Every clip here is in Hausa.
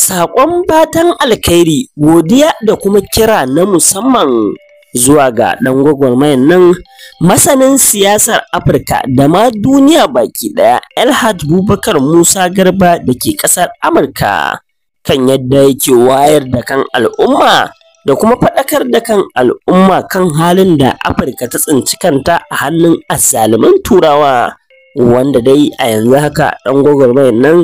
Saƙon batan alkhairi, godiya da kuma kira na musamman zuwa ga ɗan gwagwarmayan nan masanin siyasar Afirka da ma duniya baki ɗaya elhad Bubakar Musa Garba da ke ƙasar Amurka kan yadda yake wayar da kan al'umma da kuma faɗakar da kan al'umma kan halin da Afirka ta tsinci kanta a hannun azzaluman Turawa wanda dai a yanzu haka ɗan gwagwarmayan nan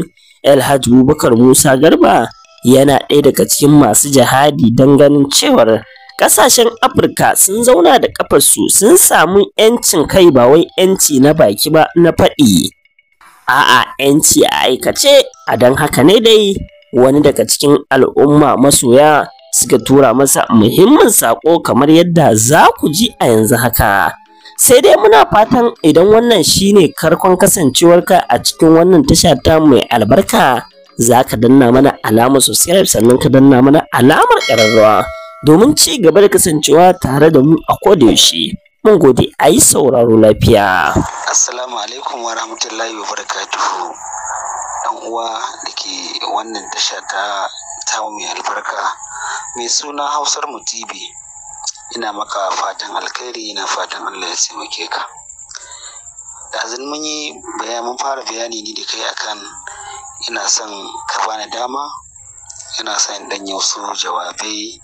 Elhaj Bubakar Musa Garba yana ɗaya daga cikin masu jihadi don ganin cewar ƙasashen Afirka sun zauna da ƙafarsu sun samu 'yancin kai ba wai 'yanci na baki ba na faɗi. A'a 'yanci a aikace, a don haka ne dai wani daga cikin al'umma masoya suka tura masa muhimmin saƙo kamar yadda za ku ji a yanzu haka. sai dai muna fatan idan wannan shine karkon kasancewarka a cikin wannan tasha ta mai albarka za ka danna mana alamar subscribe sannan ka danna mana alamar ƙararrawa domin ci gaba da kasancewa tare da mu a yaushe, mun gode a yi sauraro lafiya assalamu alaikum wa rahmatullahi wa barakatuhu dan uwa da ke wannan tasha ta ta mai albarka mai suna hausar mu tv ina maka fatan alkhairi ina fatan Allah ya taimake ka ɗazin mun yi mun fara bayani ne da kai akan ina son ka bani dama ina son ɗan yi wasu jawabai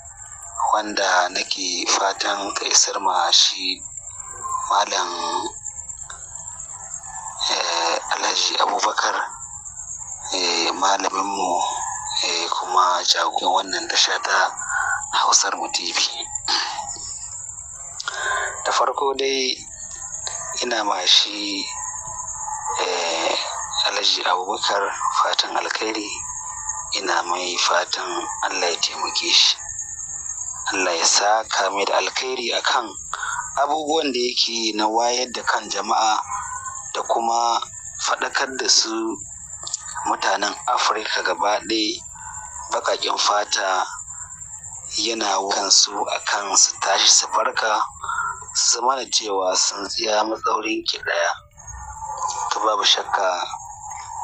wanda nake fatan ka isar ma shi malam eh, alhaji abubakar eh, malaminmu eh, kuma jagoran wannan tasha ta hausar mu tv da farko dai ina ma shi eh, alhaji abubakar fatan alkhairi ina mai fatan allah ya taimake shi allah ya saka mai da alkhairi akan abubuwan da yake na wayar da kan jama'a da kuma faɗakar da su mutanen afirka gaba ɗaya baƙaƙen fata yana kansu akan su tashi su farka zama zamana cewa sun tsaya matsaurin ki ɗaya ta babu shakka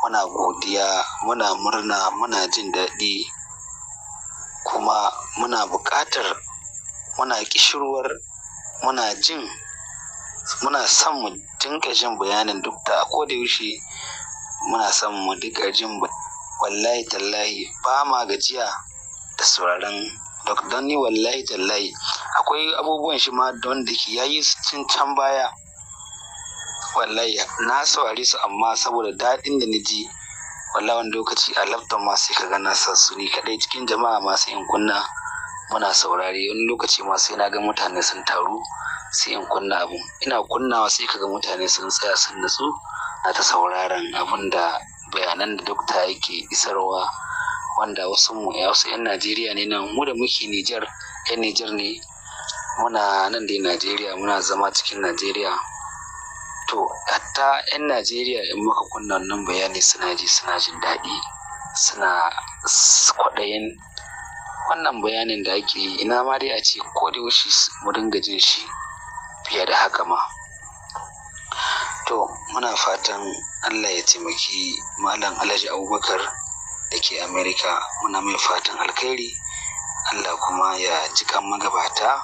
muna godiya muna murna muna jin daɗi kuma muna buƙatar muna ƙishirwar muna jin muna son mu dinka jin bayanin duk da ko da yaushe muna son mu dinka jin wallahi tallahi ba ma gajiya da sauraron don wallahi tallahi akwai abubuwan shi ma da wanda ke yayi cin can baya wallahi na saurare su amma saboda daɗin da na ji wallahi wani lokaci a laptop ma sai kaga na san su ni kadai cikin jama'a masu in kunna muna saurare wani lokaci ma sai na ga mutane sun taru sai in kunna abu. ina kunnawa sai kaga mutane sun tsaya sun nutsu na ta sauraron abun da bayanan da dokta yake isarwa wanda wasu mu ya wasu 'yan najeriya ne nan mu da muke nijar 'yan nijar ne muna nan dai najeriya muna zama cikin najeriya to hatta 'yan najeriya in muka kunna wannan bayani suna ji suna jin daɗi suna kwaɗayin wannan bayanin da ake yi ina ma dai a ce ko da yaushe mu dinga jin shi fiye da haka ma to muna fatan allah ya taimaki malam alhaji abubakar da ke amerika muna mai fatan alkhairi allah kuma ya jikan magabata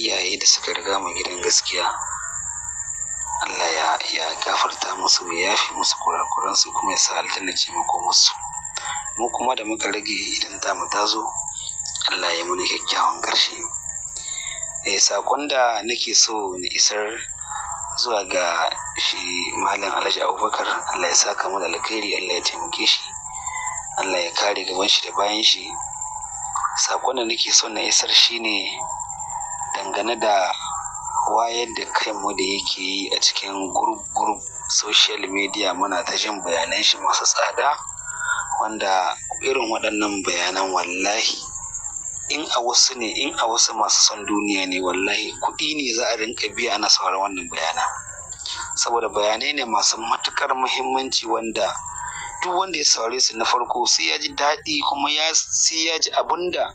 iyaye da suka riga mu gidan gaskiya Allah ya ya gafarta musu ya yafi musu kurakuran su kuma ya sa aljanna ce mako musu mu kuma da muka rage idan ta mu tazo Allah ya muni kyakkyawan ƙarshe eh sakon da nake so na isar zuwa ga shi malam Alhaji Abubakar Allah ya saka mu da alkhairi Allah ya taimake shi Allah ya kare gaban shi da bayan shi sakon da nake so na isar shine dangane da wayar da kanmu da yake yi a cikin group social media muna ta jin bayanan shi masu tsada wanda irin waɗannan bayanan wallahi in a wasu ne in a wasu masu son duniya ne wallahi kuɗi ne za a rinka biya ana sauran wannan bayana saboda bayanai ne masu matukar muhimmanci wanda duk wanda ya saurare su na farko sai ya ji daɗi kuma sai ya ji abinda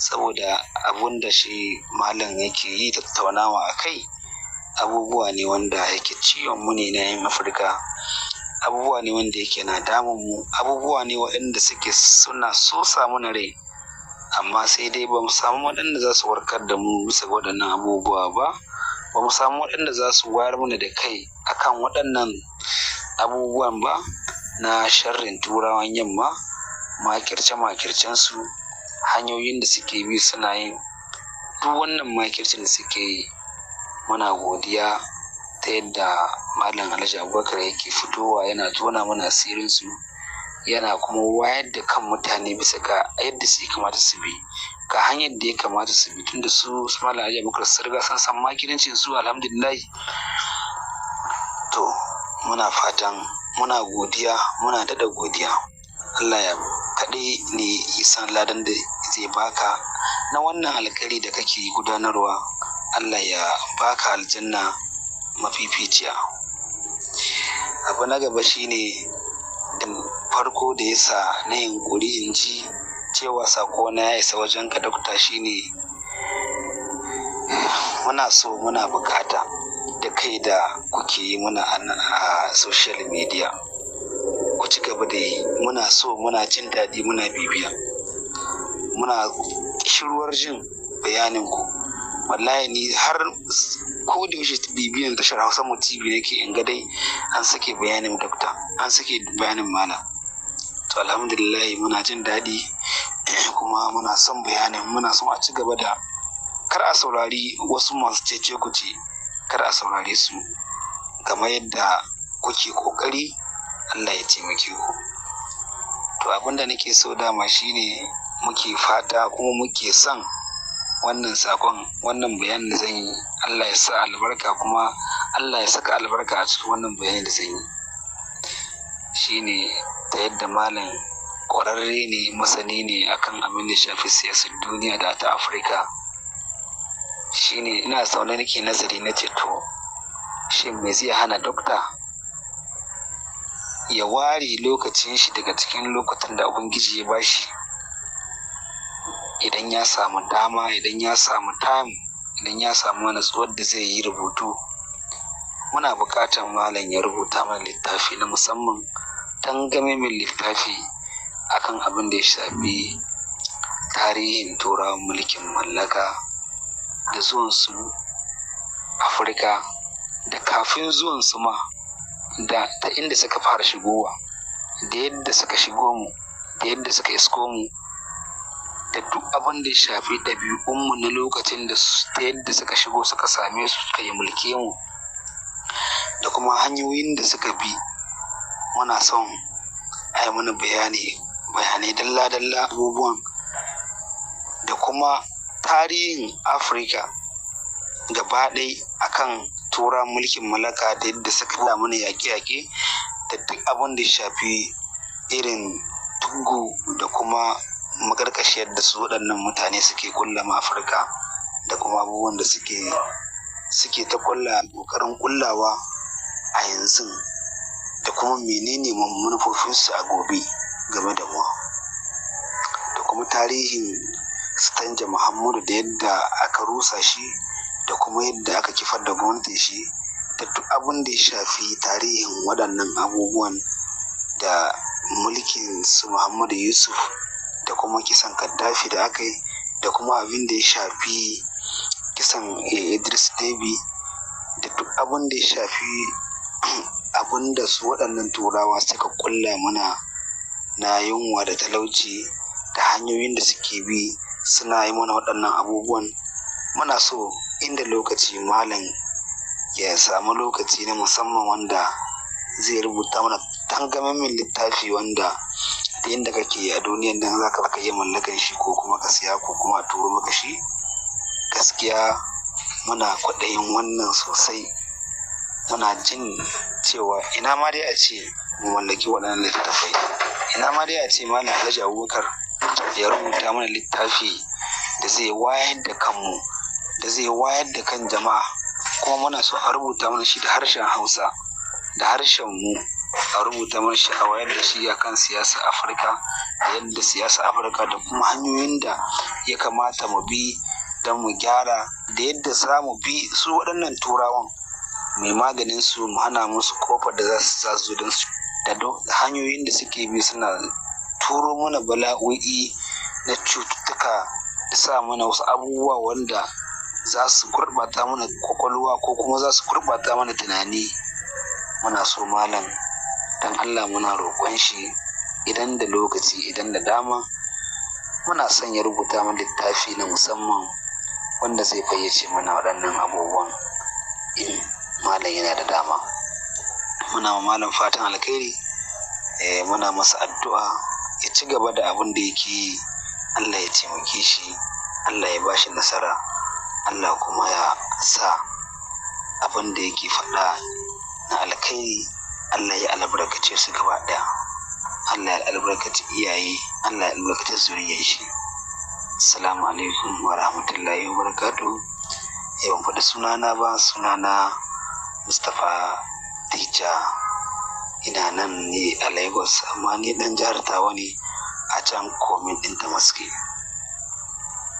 saboda abun da shi malam yake yi tattaunawa a kai abubuwa ne wanda yake ciwon mu ne na yin afirka abubuwa ne wanda yake na damun mu abubuwa ne waɗanda suke suna so samu na rai amma sai dai ba mu samu waɗanda za su warkar da mu bisa waɗannan abubuwa ba ba mu samu waɗanda za su wayar mana da kai akan waɗannan abubuwan ba na sharrin turawan yamma makirce-makircensu hanyoyin da suke bi suna yin duk wannan makircin da suke yi muna godiya ta yadda malam alhaji abubakar yake fitowa yana tona mana su yana kuma wayar da kan mutane bisa ga yadda su kamata su bi ga hanyar da ya kamata su bi tunda su malam alhaji abubakar sun riga sun san makirancin su alhamdulillahi to muna fatan muna godiya muna dada godiya allah ya kaɗai ne isan ladan da zai baka na wannan alkhairi da kake gudanarwa Allah ya baka aljanna mafificiya abu na gaba shine da farko da yasa na yunkuri in ji cewa sako na ya isa wajen ka dokta shine muna so muna bukata da kai da kuke yi muna a social media ku ci gaba da yi muna so muna jin daɗi muna bibiya muna shirwar jin bayanin ku wallahi ni har ko da yaushe bibiyan tashar hausa mu tv nake in ga dai an sake bayanin dokta an sake bayanin mana to alhamdulillah muna jin daɗi kuma muna son bayanin muna son a ci gaba da kar a saurari wasu masu cece ce, kar a saurare su game yadda kuke kokari Allah ya taimake ku to abinda nake so dama shine muke fata kuma muke son wannan sakon wannan bayanin da zan yi Allah ya sa albarka kuma Allah ya saka albarka a cikin wannan bayanin da zan yi shine ta yadda malam ƙwararre ne masani ne akan abin da shafi siyasar duniya da ta afirka shine ina zaune nake nazari na ceto shin me zai hana dokta ya ware lokacin shi daga cikin lokutan da ubangiji ya bashi idan ya samu dama idan ya samu time idan ya samu natsuwar da zai yi rubutu muna buƙatar malam ya rubuta mana littafi na musamman game min littafi akan abin da ya shafi tarihin turawan mulkin mallaka da zuwansu afirka da kafin zuwansu ma da ta inda suka fara shigowa da yadda suka shigo mu da yadda suka isko mu da duk abin da ya shafi ɗabi'unmu na lokacin da ta yadda suka shigo suka same su suka yi mulke mu da kuma hanyoyin da suka bi muna son a yi mana bayani bayanai dalla-dalla abubuwan da kuma tarihin afirka gaba ɗai kan tura mulkin mallaka da yadda suka da mana yaƙe-yaƙe da duk abin da ya shafi irin tugu da kuma makarkashiyar da su waɗannan mutane suke kulla ma afirka da kuma abubuwan da suke ta kulla ƙoƙarin kullawa a yanzu da kuma menene manufofinsu a gobe game da mu da kuma tarihin stanja muhammadu da yadda aka rusa shi da kuma yadda aka kifar da gwamnati shi da duk abin da ya shafi tarihin waɗannan abubuwan da mulkin su muhammadu yusuf kuma kisan kaddafi da aka yi da kuma abin da ya shafi kisan eh, idris debi da duk abin da ya shafi abin da su waɗannan turawa suka kulla mana na yunwa da talauci da hanyoyin da suke bi suna yi mana waɗannan abubuwan muna so inda lokaci malam ya samu lokaci na musamman wanda zai rubuta mana tangamammin littafi wanda inda kake a duniyan nan ka baka iya na shi ko kuma ka siya ko kuma a turo maka shi gaskiya muna kwaɗayin wannan sosai muna jin cewa ina ma dai a ce mu mallaki waɗannan littattafai ina ma dai a ce malam alhaji abubakar ya rubuta mana littafi da zai wayar da kanmu da zai wayar da kan jama'a kuma muna so a rubuta mana shi da harshen hausa da harshen mu a rubuta shi a wayar da shi akan siyasa afirka da yadda siyasa afirka da kuma hanyoyin da ya kamata mu bi don mu gyara da yadda za mu bi su waɗannan turawan mai maganin su mu hana musu kofar da za su zazu don su da hanyoyin da suke bi suna turo mana bala'o'i na cututtuka da sa mana wasu abubuwa wanda za su gurɓata mana kwakwalwa ko kuma za su gurɓata mana tunani muna so malam don Allah muna roƙon shi idan da lokaci idan da dama muna son ya rubuta mana littafi na musamman wanda zai fayyace mana waɗannan abubuwan in malam yana da dama muna ma malam fatan alkhairi eh, muna masa addu'a ya ci gaba da abin da yake yi Allah ya taimake shi Allah ya bashi nasara Allah kuma ya sa abin da yake faɗa na alkhairi Allah ya albarkace su gaba ɗaya Allah ya albarkace iyaye Allah ya albarkace zuriyar shi assalamu alaikum wa rahmatullahi wa barakatu yau eh, ban faɗi sunana ba sunana Mustapha Tija ina nan ne a Lagos amma ni dan jihar Tawa ne a can komin ɗin Damaski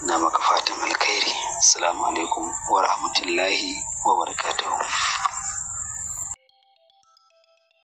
na maka fatan alkhairi assalamu alaikum wa rahmatullahi wa barakatuh